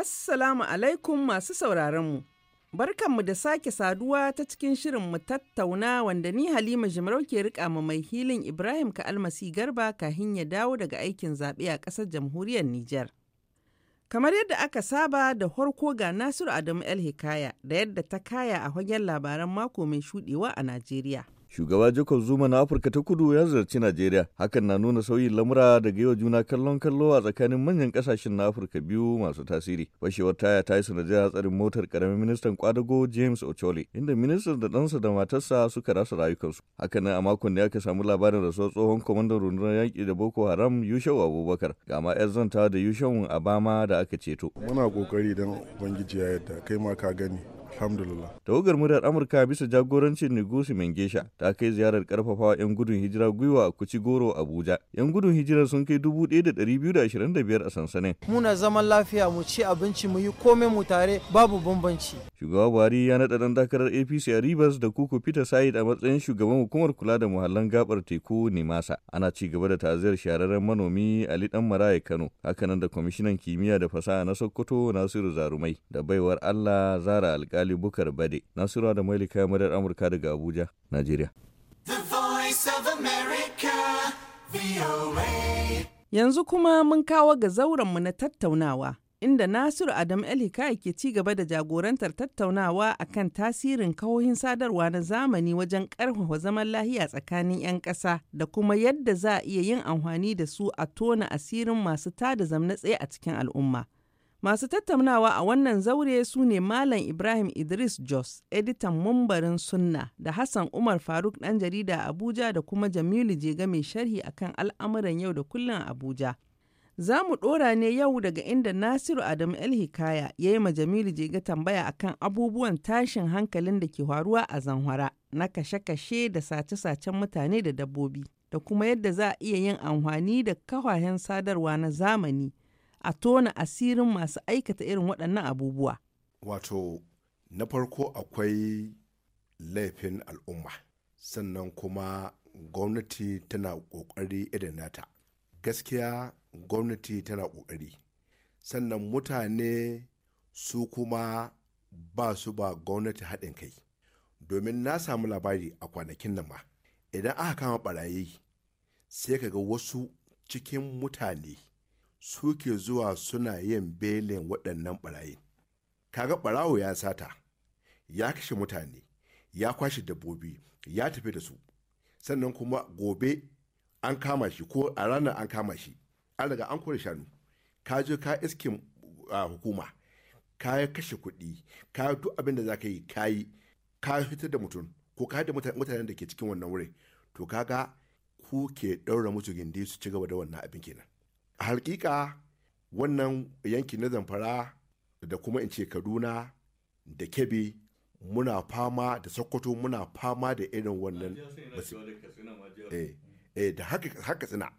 Assalamu alaikum masu sauraronmu. Barkanmu da sake saduwa ta cikin shirin mu tattauna wanda ni Halima Jimarau ke rika ma mai hilin Ibrahim ka Almasi Garba kahin ya dawo daga aikin zaɓe a ƙasar jamhuriyar Nijar. Kamar yadda aka saba da horko ga Nasiru Adamu El Hikaya da yadda ta kaya a fagen labaran mako mai shuɗewa a Najeriya. shugaba Jacob Zuma na Afirka ta Kudu ya ziyarci Najeriya. Hakan na nuna sauyin lamura daga yau juna kallon kallo a tsakanin manyan kasashen na Afirka biyu masu tasiri. Fashewar taya ta yi sanadiyar hatsarin motar karamin ministan kwadago James Ochole, inda ministan da ɗansa da matarsa suka rasa rayukansu. Hakan a makon ne aka samu labarin rasuwar tsohon kwamandan rundunar yaƙi da Boko Haram Yushau Abubakar. Ga ma 'yan zanta da Yushau Abama da aka ceto. Muna kokari don Ubangiji ya yadda kai ma ka gani alhamdulillah tawagar muryar amurka bisa jagorancin negosi mengesha ta kai ziyarar karfafawa 'yan gudun hijira gwiwa a kuci goro abuja 'yan gudun hijirar sun kai dubu da 1225 a sansanin muna zaman lafiya mu ci abinci mu yi komai mu tare babu bambanci shugaba buhari ya naɗa ɗan takarar apc a rivers da kuku peter said a matsayin shugaban hukumar kula da muhallan gabar teku nimasa ana ci gaba da taziyar shahararren manomi ali dan maraya kano hakanan da kwamishinan kimiyya da fasaha na sokoto nasiru zarumai da baiwar allah zara alƙa alkali bukar bade da mailika amurka daga abuja najeriya yanzu kuma mun kawo ga zaurenmu na tattaunawa inda Nasiru Adam Elika ke ci gaba da jagorantar tattaunawa a kan tasirin kawohin sadarwa na zamani wajen karfafa zaman lahiya tsakanin 'yan ƙasa da kuma yadda za a iya yin amfani da su a tona asirin masu tada zamna tsaye a cikin al'umma. Masu tattaunawa a wannan zaure su ne Malam Ibrahim Idris Jos, editan mumbarin Sunna, da Hassan Umar Faruk ɗan jarida Abuja da kuma Jamilu Jega mai sharhi akan al'amuran yau da kullum Abuja. Za mu ɗora ne yau daga inda Nasiru Adamu El-Hikaya ya yi ma Jamilu Jega tambaya akan abubuwan tashin hankalin da ke faruwa a Zanhwara na kashe-kashe da sace-sacen mutane da dabbobi, da kuma yadda za a iya yin amfani da kawahen sadarwa na zamani a tona asirin masu aikata irin waɗannan abubuwa. Wato, na farko akwai laifin al'umma, sannan kuma gwamnati tana ƙoƙari irin nata. Gaskiya gwamnati tana ƙoƙari. Sannan mutane su kuma ba su ba gwamnati haɗin kai. Domin na samu labari a kwanakin nan ma, idan aka kama ɓarayi sai ka ga wasu cikin mutane suke zuwa suna yin belin waɗannan barayin Kaga ɓarawo ya sata, ya kashe mutane, ya kwashe dabbobi, ya tafi da su. Sannan kuma gobe an kama shi ko a ranar an kama shi, an daga an kore shanu. Ka je ka iske hukuma, ka kashe kuɗi, ka duk abin da za ka yi, ka yi, ka fitar da mutum, ko ka da mutanen da ke cikin wannan wurin. To kaga ku ke ɗaura musu gindi su ci gaba da wannan abin kenan. a hakika wannan yanki na zamfara da kuma in ce kaduna da kebe muna fama da sokoto muna fama da irin wannan eh, eh da haka tsina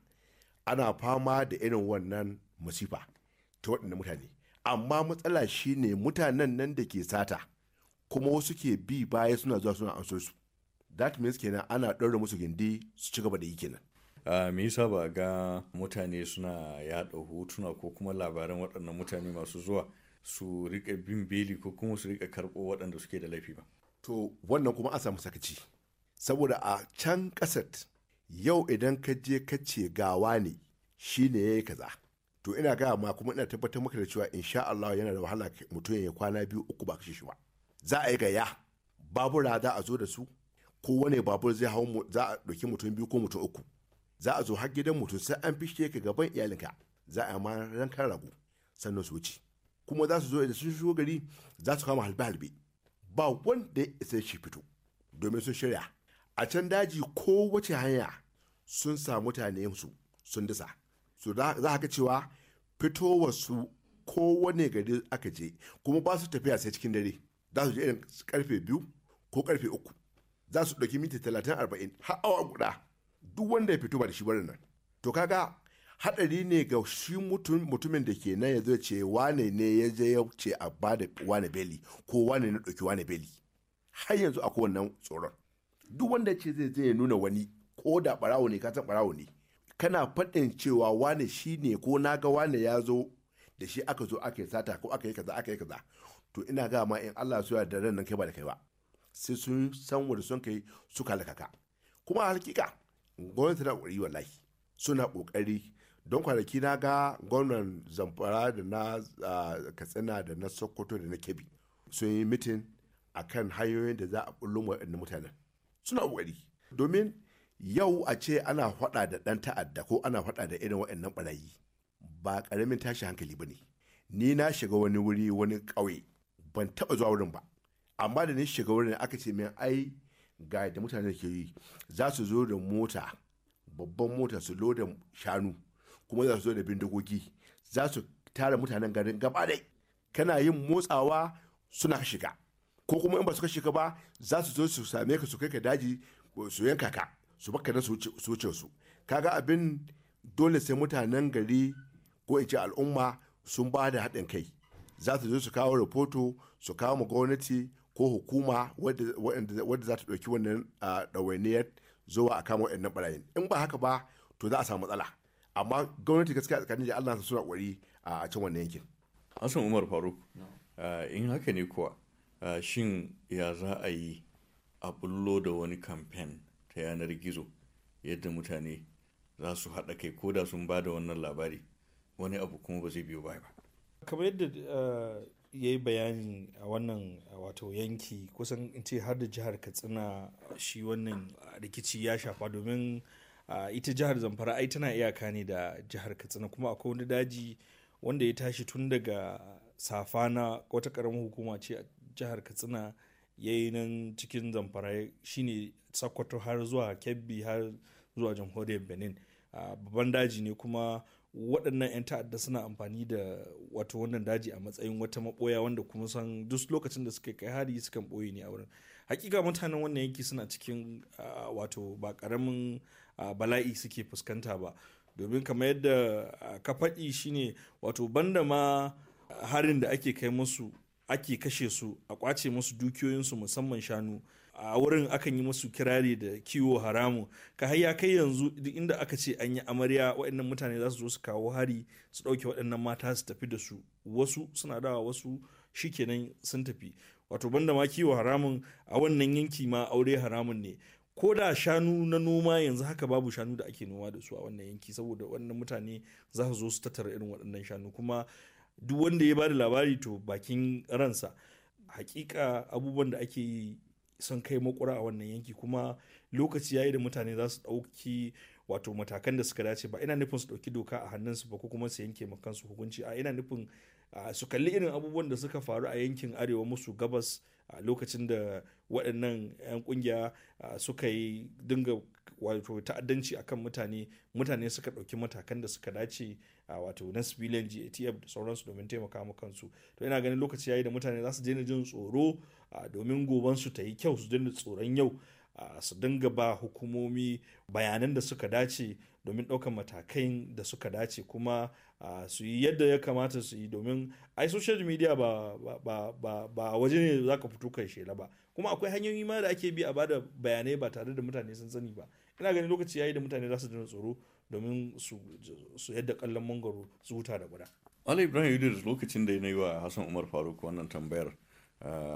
ana fama da irin wannan masifa ta waɗanda mutane amma matsala shine mutanen nan da ke sata kuma wasu ke bi baya suna zuwa suna amsar su that means kenan ana ɗaura musu gindi su ci gaba da yi kenan me yasa ba ga mutane suna yaɗa hotuna ko kuma labaran waɗannan mutane masu zuwa su rika bin beli ko kuma su rika karɓo waɗanda suke da laifi ba to wannan kuma a samu sakaci saboda a can ƙasar yau idan ka je ka ce gawa ne shi ne ya yi kaza to ina gaya ma kuma ina tabbatar maka da cewa insha Allah yana da wahala mutum ya kwana biyu uku ba kashe shi ba za a yi gaya babura za a zo da su ko wani babur zai hau za a ɗauki mutum biyu ko mutum uku za a zo har gidan mutum sai an fishe ka gaban iyalinka za a ma rankan rago sannan su wuce kuma za su zo da sun shigo gari za su kama halbe halbe ba wanda ya isa shi fito domin sun shirya a can daji ko wace hanya sun sa mutane su sun dasa. su za ka cewa fitowar su kowane gari aka je kuma ba su tafiya sai cikin dare za su je irin karfe biyu ko karfe uku za su ɗauki minti talatin arba'in har awa guda duk wanda ya fito ba da shi barin nan to kaga hadari ne ga shi mutumin da ke nan ya zo ce wane ne ya je ya ce a ba da wane beli ko wane na ɗauki wane beli har yanzu a wannan tsoron duk wanda ce zai je nuna wani ko da barawo ne ka san barawo ne kana faɗin cewa wane shi ne ko na ga wane ya zo da shi aka zo aka yi sata ko aka yi kaza aka yi kaza to ina ga ma in Allah su ya da ran nan kai ba da kai ba sai sun san wanda sun kai suka halaka ka kuma hakika gwamnati na ƙoƙari wallahi suna kokari don kwanaki na ga gwamnan zamfara da na katsina da na sokoto da na kebbi sun yi mitin a kan hanyoyin da za a ɓullo waɗannan mutanen suna kokari domin yau a ce ana faɗa da ɗan ta'adda ko ana faɗa da irin waɗannan ɓarayi ba ƙaramin tashi hankali ba ne ni na shiga wani wuri wani ƙauye ban taɓa zuwa wurin ba amma da ni shiga wurin aka ce min ai ga yadda mutane ke yi za su zo da mota babban mota su loda shanu kuma za su zo da bindigogi za su tara mutanen garin gaba dai kana yin motsawa suna shiga ko kuma in ba su ka shiga ba za su zo su same ka su kai ka daji su yanka ka su baka na su wuce su kaga abin dole sai mutanen gari ko in ce al'umma sun ba da haɗin kai za su zo su kawo rahoto su kawo gwamnati ko hukuma wadda za ta ɗauki wannan ɗawainiyar zuwa a kama waɗannan ɓarayin in ba haka ba to za a samu matsala amma gwamnati gaskiya tsakanin allah Allah suna ƙwari a can wannan yankin. Hassan Umar Faruk in haka ne kuwa shin ya za a yi a bullo da wani kamfen ta yanar gizo yadda mutane za su haɗa kai ko da sun ba da wannan labari wani abu kuma ba zai biyo baya ba. kamar yadda ya yi bayani a wannan wato yanki kusan in ce har da jihar katsina shi wannan rikici ya shafa domin ita jihar zamfara ai tana iyaka ne da jihar katsina kuma akwai wani daji wanda ya tashi tun daga safana wata karamin hukuma ce a jihar katsina ya yi nan cikin zamfara shine sakwato har zuwa kebbi har zuwa jamhuriyar benin babban daji ne kuma waɗannan 'yan ta'adda suna amfani da wato wannan daji a matsayin wata maɓoya wanda kuma san duk lokacin da suka kai hari sukan ɓoye ne a wurin hakika mutanen wannan yanki suna cikin wato ba ƙaramin bala'i suke fuskanta ba domin kamar yadda ka faɗi shine wato banda ma harin da ake kai musu ake kashe su a kwace musu dukiyoyinsu musamman shanu a wurin akan yi musu kirari da kiwo haramu ka hayya kai yanzu duk inda aka ce an yi amarya waɗannan mutane za su zo su kawo hari su ɗauke waɗannan mata su tafi da su wasu suna dawa wasu shikenan sun tafi wato banda ma kiwo haramun a wannan yanki ma aure haramun ne ko da shanu na noma yanzu haka babu shanu da ake noma da su a wannan yanki saboda wannan mutane za su zo su tattara irin waɗannan shanu kuma duk wanda ya bada labari to bakin ransa hakika abubuwan da ake yi sun kai makura a wannan yanki kuma lokaci yayi da mutane za su ɗauki wato matakan da suka dace ba ina nufin su ɗauki doka a hannunsu ba ko kuma su yanke ma kansu hukunci a ina nufin su kalli irin abubuwan da suka faru a yankin arewa musu gabas a lokacin da waɗannan 'yan ƙungiya suka yi dinga wato ta'addanci akan mutane mutane suka ɗauki matakan da suka dace a wato na civilian gatf da sauransu domin taimaka ma kansu to ina ganin lokaci yayi da mutane za su daina jin tsoro domin goban su ta yi kyau su daina tsoron yau su dinga ba hukumomi bayanan da suka dace domin ɗaukar matakai da suka dace kuma su yi yadda ya kamata su yi domin ai social media ba, ba, waje ne za ka fito kai shela ba kuma akwai hanyoyi ma da ake bi a bada bayanai ba tare da mutane sun sani ba ina ganin lokaci yayi da mutane za su dina tsoro domin su yadda kallon mangwaro su huta da guda. Ali Ibrahim Idris lokacin da na yi wa Hassan Umar Faruk wannan tambayar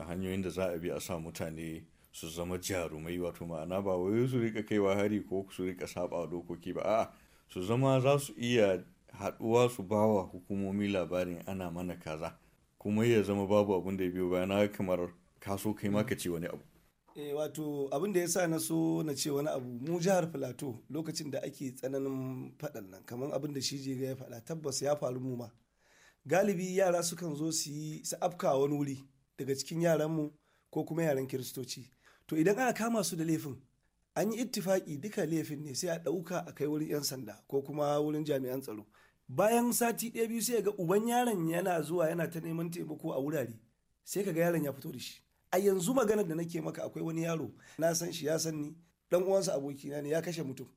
hanyoyin da za a bi a sa mutane su zama jarumai wato ma'ana ba wai su rika kaiwa hari ko su rika saba dokoki ba a'a su zama za su iya haɗuwa su bawa hukumomi labarin ana mana kaza kuma ya zama babu abin da ya biyo bayan kamar kaso kai ma ka ce wani abu e wato abin da ya sa na so na ce wani abu mu jihar filato lokacin da ake tsananin faɗan nan kamar abin da shi jega ya faɗa tabbas ya faru mu ma galibi yara sukan zo su yi su afka wani wuri daga cikin yaran mu ko kuma yaran kiristoci to idan aka kama su da laifin an yi ittifaki duka laifin ne sai a ɗauka a kai wurin 'yan sanda ko kuma wurin jami'an tsaro bayan sati ɗaya biyu sai ga uban yaron yana zuwa yana ta neman taimako a wurare sai ka ga yaron ya fito da shi a yanzu maganar da nake maka akwai wani yaro na san shi ya san ni dan uwansa abokina ne ya kashe mutum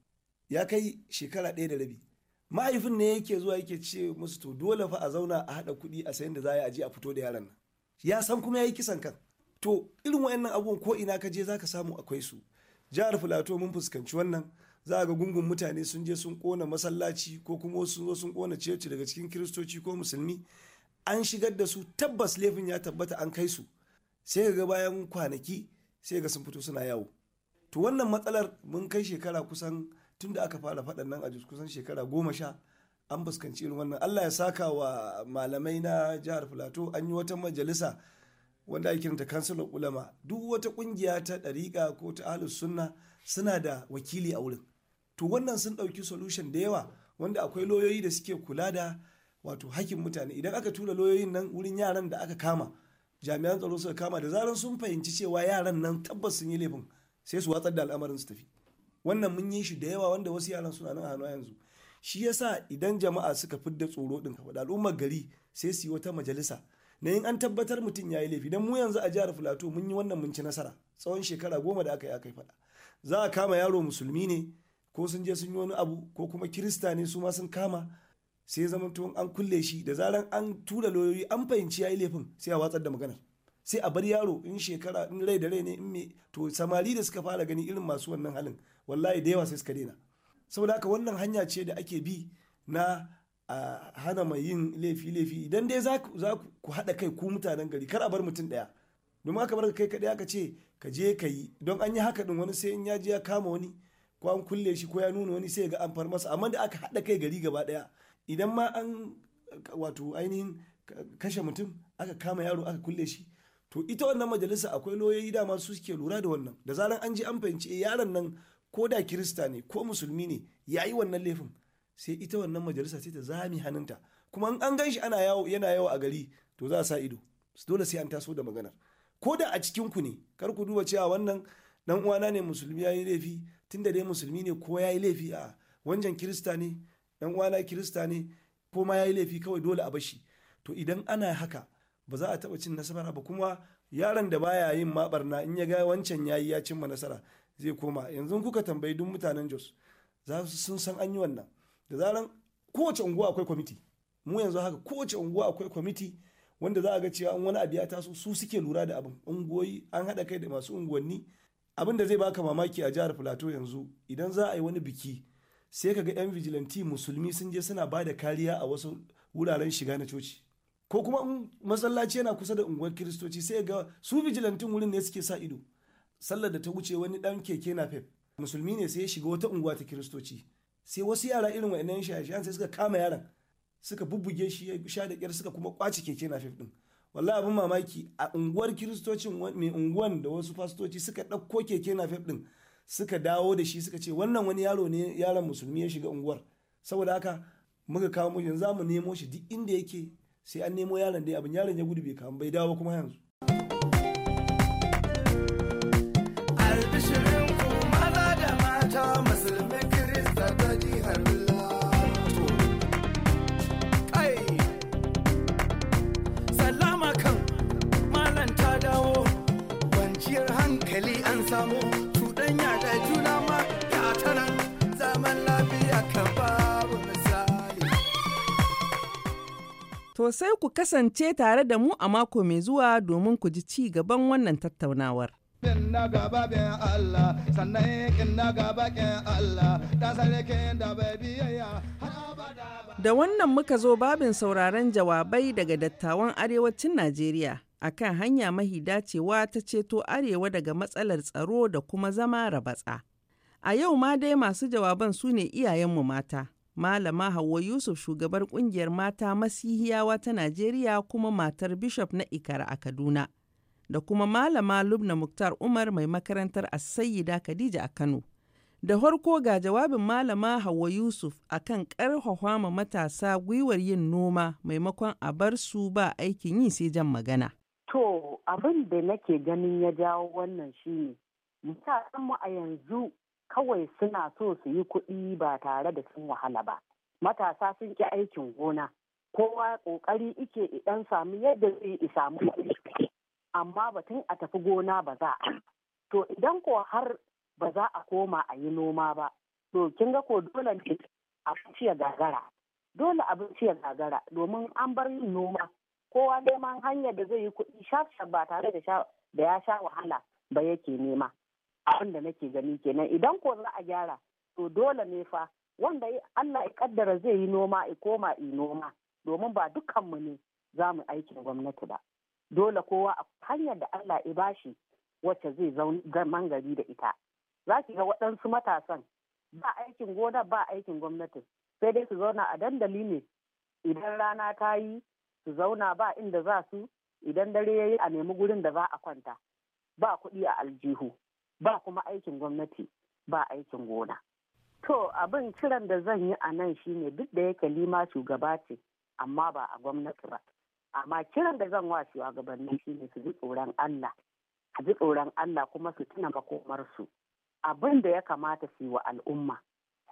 ya kai shekara ɗaya da rabi mahaifin ne yake zuwa yake ce musu to dole fa a zauna a haɗa kuɗi a sayan da za a je a fito da yaron nan ya san kuma ya yi kisan kan to irin wayannan abubuwan ko ina ka je zaka samu akwai su jihar filato mun fuskanci wannan za ga gungun mutane sun je sun kona masallaci ko kuma sun sun kona ceci daga cikin kiristoci ko musulmi an shigar da su tabbas laifin ya tabbata an kai su sai ga bayan kwanaki sai ga sun fito suna yawo to wannan matsalar mun kai shekara kusan tun da aka fara faɗan nan a kusan shekara goma sha an fuskanci irin wannan allah ya saka wa malamai na jihar filato an yi wata majalisa wanda ake kiranta council ulama duk wata kungiya ta dariƙa ko ta ahlus sunna suna da wakili a wurin to wannan sun ɗauki solution da yawa wanda akwai loyoyi da suke kula da wato hakkin mutane idan aka tura loyoyin nan wurin yaran da aka kama jami'an tsaro suka kama da zaran sun fahimci cewa yaran nan tabbas sun yi laifin sai su watsar da al'amarin su tafi wannan mun yi shi da yawa wanda wasu yaran suna nan a hannu yanzu shi yasa idan jama'a suka fidda tsoro din ka al'ummar gari sai su yi wata majalisa na in an tabbatar mutum ya yi laifi don mu yanzu a jihar filato mun yi wannan mun ci nasara tsawon shekara goma da aka yi aka yi faɗa za a kama yaro musulmi ne ko sun je sun yi wani abu ko kuma kirista ne su ma sun kama sai zama tuwon an kulle shi da zaran an tura lauyoyi an fahimci ya yi laifin sai a watsar da maganar sai a bar yaro in shekara in rai da rai ne in me to samari da suka fara gani irin masu wannan halin wallahi da yawa sai suka daina saboda haka wannan hanya ce da ake bi na a hana mai yin laifi-laifi idan dai za ku haɗa kai ku mutanen gari kar a bar mutum ɗaya domin aka bar kai kaɗai aka ce ka je ka yi don an yi haka din wani sai in ya ya kama wani ko an kulle shi ko ya nuna wani sai ga an far masa amma da aka haɗa kai gari gaba ɗaya idan ma an wato ainihin kashe mutum aka kama yaro aka kulle shi to ita wannan majalisa akwai loyoyi dama su suke lura da wannan da zaran an je an fahimci eh, yaron nan ko da kirista ne ko musulmi ne ya yi wannan laifin sai ita wannan majalisa ce ta zami hannunta kuma an gan shi ana yawo yana yawo a gari to za a sa ido dole sai an taso da maganar ko da a cikin ku ne kar ku duba cewa wannan dan uwana ne musulmi yayi laifi tunda dai musulmi ne ko yayi laifi a wanjan kirista ne dan uwana kirista ne ko ma yayi laifi kawai dole a bashi to idan ana haka ba za a taba cin nasara ba kuma yaron da baya yin mabarna in ya ga wancan yayi ya cimma nasara zai koma yanzu kuka tambayi duk mutanen Jos za su sun san an yi wannan da zaran kowace unguwa akwai kwamiti mu yanzu haka kowace unguwa akwai kwamiti wanda za a ga cewa wani abu ya taso su suke lura da abin unguwoyi an haɗa kai da masu unguwanni abin da zai baka mamaki a jihar plateau yanzu idan za a yi wani biki sai ka ga 'yan vigilanti musulmi sun je suna ba da kariya a wasu wuraren shiga na coci ko kuma masallaci yana kusa da unguwar kiristoci sai ga su vigilantin wurin ne suke sa ido sallar da ta wuce wani dan keke na fef musulmi ne sai ya shiga wata unguwa ta kiristoci sai wasu yara irin wa'annan shaye shaye sai suka kama yaran suka bubbuge shi ya sha da kyar suka kuma kwaci keke na fif din wallahi abin mamaki a unguwar kiristocin mai unguwan da wasu fastoci suka ɗauko keke na fif din suka dawo da shi suka ce wannan wani yaro ne yaron musulmi ya shiga unguwar saboda haka muka kawo mu yanzu za mu nemo shi duk inda yake sai an nemo yaron dai abin yaron ya gudu bai kawo bai dawo kuma yanzu samu cuɗanya da juna ma ga zaman lafiya ka babu misali. To sai ku kasance tare da mu a mako mai zuwa domin ku ji ci gaban wannan tattaunawar. Bin na gaba bin Allah, sannan yakin na gaba kin Allah, ta da bai biyayya Da wannan muka zo babin sauraron jawabai daga dattawan arewacin Najeriya. a kan hanya mahi dacewa ta ceto Arewa daga matsalar tsaro da kuma zama rabatsa. A yau ma dai masu jawaban su ne iyayenmu mata. Malama Hauwa Yusuf shugabar kungiyar mata Masihiyawa ta Najeriya kuma matar Bishop na Ikara a Kaduna. Da kuma Malama Lubna Muktar Umar mai makarantar Asayida Khadija a Kano. Da harko ga jawabin Malama Hauwa Yusuf akan kan ma matasa gwiwar yin noma maimakon a bar su ba aikin yi sai jan magana. To abin da nake ganin ya jawo wannan shi shine mu a yanzu kawai suna so su yi kuɗi ba tare da sun wahala ba. Matasa sun ƙi aikin gona, kowa ƙoƙari ike idan sami yadda zai i samu amma batun a tafi gona ba za a. To idan ko har ba za a koma a yi noma ba, to kin ga ko dole ne abinci ya gagara. Dole abinci ya gagara domin an bar yin noma kowa neman hanyar da zai yi kuɗi sha ba tare da da ya sha wahala ba yake nema abin da nake gani kenan idan ko za a gyara to dole ne fa wanda Allah ya kaddara zai yi noma ya koma yi noma domin ba dukkanmu ne za mu aikin gwamnati ba dole kowa a hanyar da Allah ya bashi wacce zai zama gari da ita za ki ga waɗansu matasan ba aikin gona ba aikin gwamnati sai dai su zauna a dandali ne idan rana ta yi su zauna ba inda za su idan dare ya yi a nemi gurin da za a kwanta ba kuɗi a aljihu ba kuma aikin gwamnati ba aikin gona to abin kiran da zan yi a nan shi ne duk da yake lima shugaba ce amma ba a gwamnati ba amma kiran da zan wa shugabanni shine su ji tsoron Allah a ji tsoron Allah kuma su tuna makomarsu abin da ya kamata su yi wa al'umma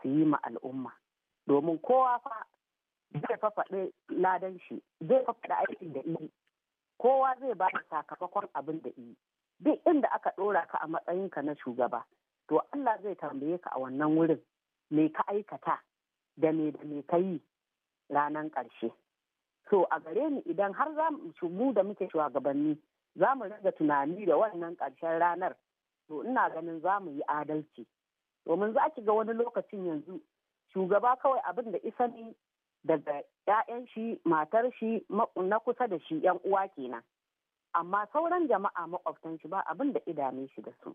su yi ma al'umma domin kowa fa zai fafaɗe ladan shi zai fafaɗe aikin da yi kowa zai ba da sakamakon abin da yi duk inda aka ɗora ka a matsayinka na shugaba to Allah zai tambaye ka a wannan wurin me ka aikata da me da me ka yi ranan ƙarshe so a gare ni idan har za mu da muke shugabanni za mu riga tunani da wannan ƙarshen ranar to ina ganin za mu yi adalci domin za ki ga wani lokacin yanzu shugaba kawai abin da isa ni daga 'ya'yan shi matar shi na kusa da shi 'yan uwa kenan amma sauran jama'a makwabtan shi ba abin da idame shi da su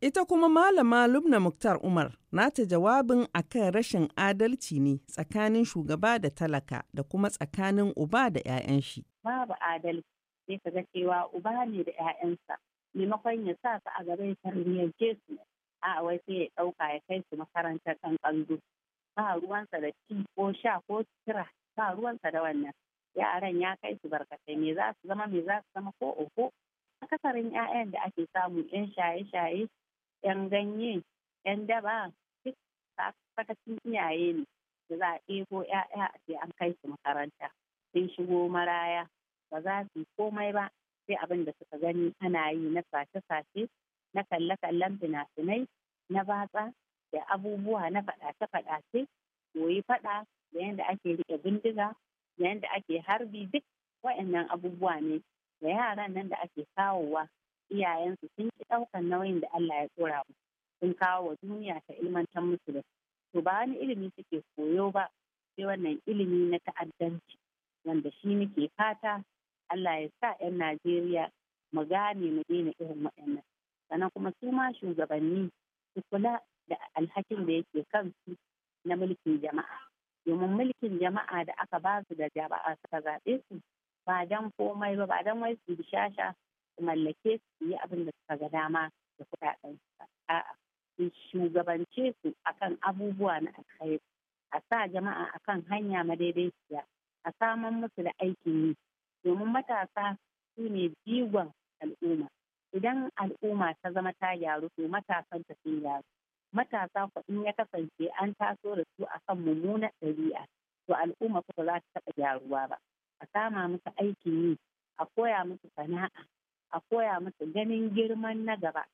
Ita kuma Malama Lubna Muktar Umar nata jawabin akan rashin adalci ne tsakanin shugaba da talaka da kuma tsakanin uba da 'ya'yan shi. Babu adalci sai ka ga cewa uba ne da 'ya'yansa maimakon ya sa su a gaban tarbiyyance jesu. a'a wai sai ya ɗauka ya kai su makarantar ɗan ƙanzu ba ruwansa da ci ko sha ko kira ba ruwansa da wannan yaran ya kai su barkatai me za su zama me za su zama ko oho akasarin 'ya'yan da ake samu 'yan shaye-shaye 'yan ganye 'yan daba duk sakacin iyaye ne da za a ɗebo 'ya'ya sai an kai su makaranta sun shigo maraya ba za su yi komai ba sai abin da suka gani ana yi na sace-sace na kalle-kallen fina-finai na batsa da abubuwa na faɗace-faɗace koyi faɗa da yadda ake riƙe bindiga da yadda ake harbi duk waɗannan abubuwa ne da yaran nan da ake kawowa iyayensu sun ki ɗaukan nauyin da Allah ya tsora mu sun kawo wa duniya ta ilmantar musu da to ba wani ilimi suke koyo ba sai wannan ilimi na ta'addanci wanda shi muke fata Allah ya sa 'yan Najeriya mu gane mu daina irin waɗannan sannan kuma su ma shugabanni su kula da alhakin da yake kansu na mulkin jama'a domin mulkin jama'a da aka ba su da jama'a suka zaɓe su ba don komai ba ba don wai su shasha su mallake su yi abin da suka ga dama da kuɗaɗen su a'a su shugabance su akan abubuwa na alkhairi a sa jama'a akan hanya madaidaiciya a saman musu da aikin yi domin matasa su ne jigon al'umma idan al'umma ta zama ta gyaru to matasan ta sun yaru matasa ku in ya kasance an taso da su a kan mummunan ɗabi'a to al'umma ku za ta taɓa gyaruwa ba a kama musu aikin yi a koya musu sana'a a koya musu ganin girman na gaba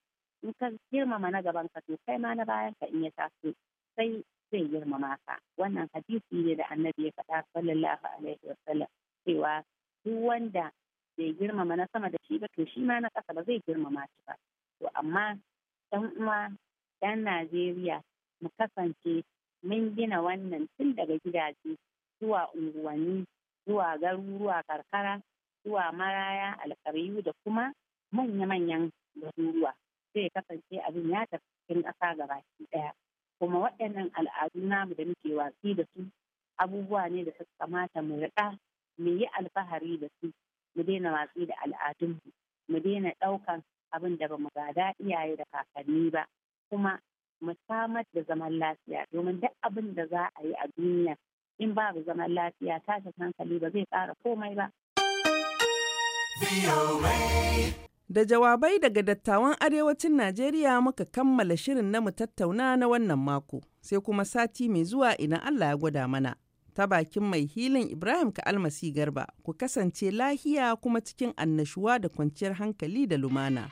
in ka girmama na gaban ka to kai ma na bayan ka in ya taso sai zai girmama ka wannan hadisi ne da annabi ya faɗa sallallahu alaihi wasallam cewa duk wanda bai girmama na sama da shi ba to shi ma na ƙasa ba zai girmama shi ba to amma ɗan uwa ɗan Najeriya mu kasance mun gina wannan tun daga gidaje zuwa unguwanni zuwa garuruwa karkara zuwa maraya alkaryu da kuma manya-manyan garuruwa zai kasance abin ya tafi cikin ƙasa gabaki ɗaya kuma waɗannan al'adu namu da muke watsi da su abubuwa ne da suka kamata mu riƙa mu yi alfahari da su mu daina watsi da al'adunmu mu daina ɗaukan abin da bamu gada iyaye da kakanni ba kuma mu samar da zaman lafiya domin duk abin da za a yi a duniya in babu zaman lafiya ta hankali ba zai ƙara komai ba. Da jawabai daga dattawan arewacin Najeriya muka kammala shirin na mu tattauna na wannan mako, sai kuma sati mai zuwa ina Allah ya gwada mana. ta bakin mai hilin Ibrahim Ka'almasi Garba. Ku kasance lahiya kuma cikin annashuwa da kwanciyar hankali da lumana.